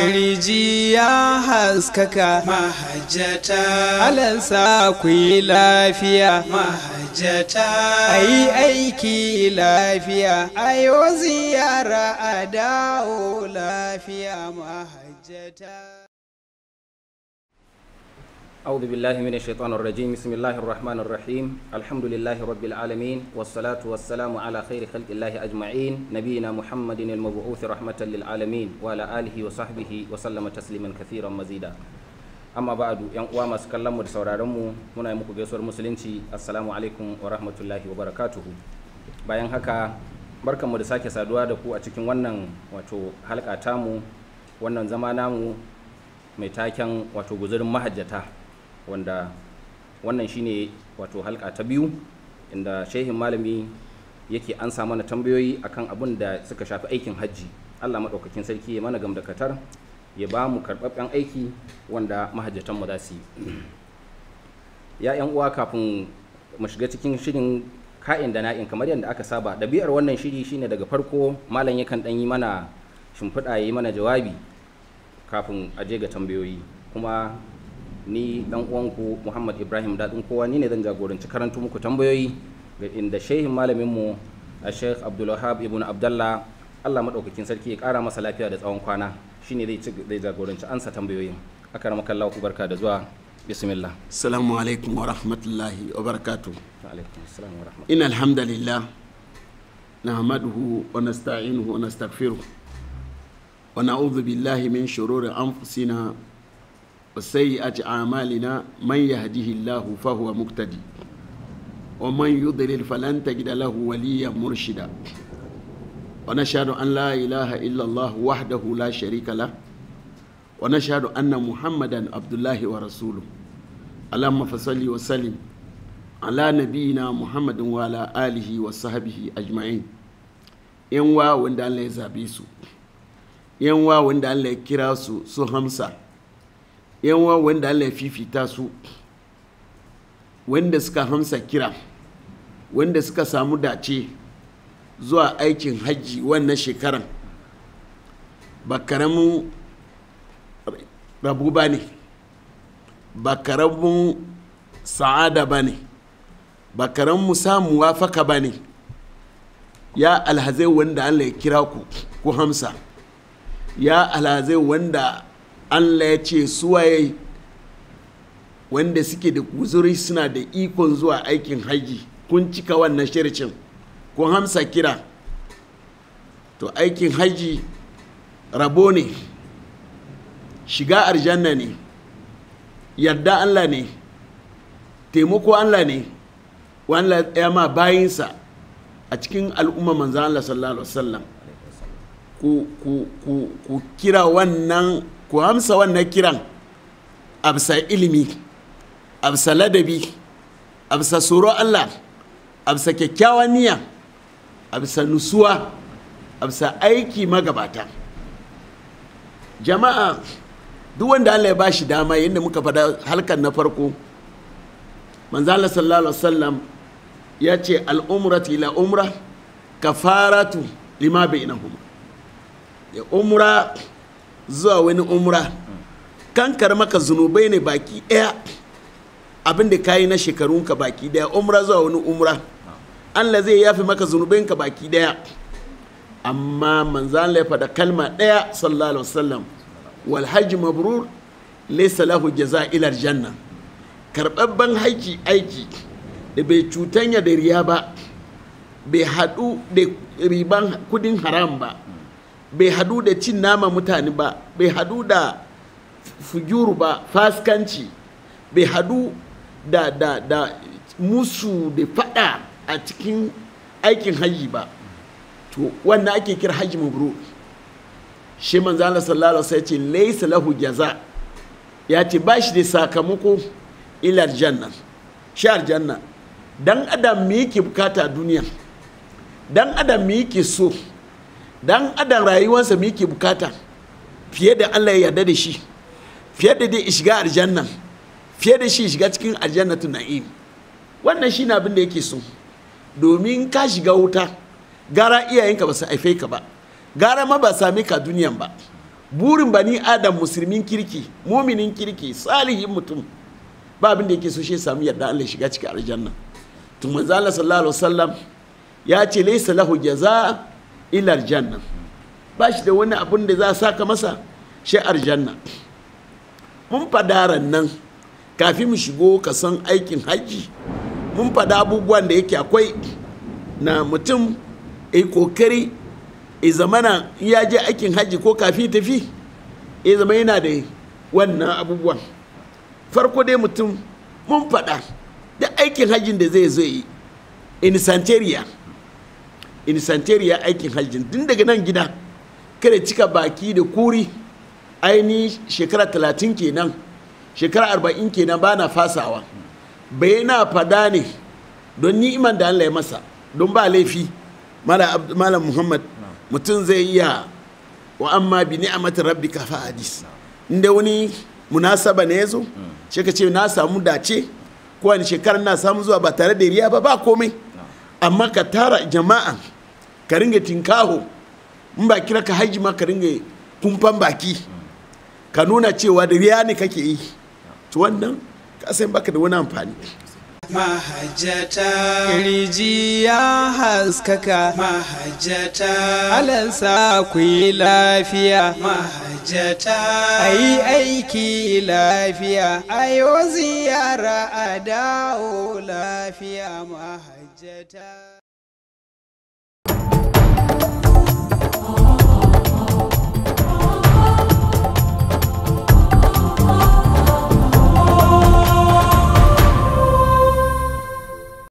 kirji ya haskaka mahajjata alansa ku yi lafiya mahajjata ayi aiki lafiya ayo ziyara a dawo lafiya mahajjata أعوذ بالله من الشيطان الرجيم بسم الله الرحمن الرحيم الحمد لله رب العالمين والصلاة والسلام على خير خلق الله أجمعين نبينا محمد المبعوث رحمة للعالمين وعلى آله وصحبه وسلم تسليما كثيرا مزيدا amma ba'adu yan uwa masu kallon mu da sauraron mu muna muku gaisuwar musulunci assalamu alaikum wa rahmatullahi wa barakatuhu bayan haka barkanmu da sake saduwa da ku a cikin wannan wato halka tamu wannan zama namu mai taken wato guzurin mahajjata wanda wannan shine wato halka ta biyu inda shehin malami yake an sa mana tambayoyi akan abin da suka shafi aikin hajji allah maɗaukakin sarki ya mana gamdakatar ya ba mu karɓaɓɓen aiki wanda mahajjatanmu za su yi ya uwa kafin mu shiga cikin shirin ka'in da na'in kamar yadda aka saba ɗabi'ar wannan shiri shine daga farko malam yakan ɗan yi mana shimfiɗa ya yi mana jawabi kafin a je ga tambayoyi kuma ni dan uwanku Muhammad Ibrahim Dadin kowa ni ne zan jagoranci karantu muku tambayoyi ga inda shehin malamin mu Sheikh Abdulwahab Ibn Abdallah Allah madaukakin sarki ya kara masa lafiya da tsawon kwana shine zai zai jagoranci ansa tambayoyin akaramaka Allah ku barka da zuwa bismillah assalamu alaikum wa rahmatullahi wa barakatuh wa alaikum assalam wa rahmatullahi in alhamdulillah nahmaduhu wa nasta'inuhu wa nastaghfiruh na'udhu billahi min shururi anfusina sai a ci amalina man ya haji hillahu muktadi o man yi udalil falanta gida lahu waliya murshida wa na shaɗu an la ilaha illallah la sharika la wa na muhammadan abdullahi wa rasulu alamma fasali wa salim ala nabiyina muhammadin wa ala alihi wa sahabihi ajma'in yan wa wanda allah ya zabe yan wa wanda allah ya kira su hamsa yanwa wanda Allah ya fifita su wanda suka hamsa kira wanda suka samu dace zuwa aikin hajji wannan shekaran ba karamin rabu ba ne ba karamin sa'ada ba ne ba karamin samun wafaka ba ne ya alhazai wanda Allah ya kira ku ku hamsa ya alhazai wanda allah ya ce suwaye wanda suke da kuzuri suna da ikon zuwa aikin haji kun cika wannan shircin kun hamsa kira to aikin haji rabo ne shiga arjanna ne yarda allah ne taimako allah ne wanda ya ma bayinsa a cikin al'umma manzan allah sallallahu alaihi wasallam ku kira wannan ku amsa wannan kiran absa ilimi absa ladabi absa tsoro Allah absa kyakkyawan niyya absa nusuwa absa aiki magabata jama'a duk wanda Allah ya ba shi dama yadda muka faɗa halkan na farko manzala sallallahu alaihi wasallam ya ce al'umratu ila umra kafaratu lima bainahuma ya umra zuwa wani umra kankar maka zunubai ne baki ɗaya abin da ka yi na shekarunka baki ɗaya umra zuwa wani umra Allah zai yafi maka zunubinka baki ɗaya amma manzan ya faɗa kalma ɗaya sallallahu alaihi wasallam wal hajji mabrur laisa lahu jaza ila janna karɓaɓɓen haji aiki da bai cutanya da riya ba bai haɗu da riban kudin haram ba bai hadu da cin nama mutane ba bai hadu da fujuru ba faskanci bai hadu da da da musu da fada a cikin aikin hajji ba to wannan ake kira hajji mabrur shi manzo Allah sallallahu alaihi wasallam ce laysa lahu jaza ya ce ba shi da sakamako ila aljanna shi aljanna dan adam me yake bukata duniya dan adam me yake so dan adam rayuwarsa me yake bukata fiye da Allah ya yarda da shi fiye da dai shiga aljanna fiye da shi shiga cikin aljanna na'im wannan shine abin da yake so domin ka shiga wuta gara iyayenka ba su haife ka ba gara ma ba same ka duniyan ba burin bani adam musulmin kirki muminin kirki salihin mutum ba abin da yake so shi samu yarda Allah shiga cikin aljanna tun manzo Allah sallallahu alaihi wasallam ya ce laysa lahu jazaa ilar janna ba shi da wani abin da za a saka masa shi janna mun fadaran nan kafin mu shigo ka san aikin hajji mun fada abubuwan da yake akwai na mutum ya kokari ya zamana ya je aikin hajji ko kafin tafi ya zama yana da wannan abubuwan farko dai mutum mun fada da aikin hajjin da zai zo yi in santeriya ya aikin hajjin tun daga nan gida kada cika baki da kuri aini shekara talatin kenan shekara arba'in kenan ba na fasawa bai na fada ne don ni iman da Allah ya masa don ba laifi malam muhammad mutum zai iya wa amma bi rabbi rabbika fa hadis inda wani munasaba ne yazo shi ka ce na samu dace ko wani shekarar na samu zuwa ba tare da riya ba ba komai amma ka tara jama'a ka ringa tinkaho in ba kira ka haji ma ka ringa kumfan baki ka nuna cewa da riya ne kake yi to wannan ka san baka da wani amfani mahajjata kirji ya haskaka mahajjata alansa ku yi lafiya mahajjata ayi aiki lafiya ayo ziyara a dawo lafiya mahajjata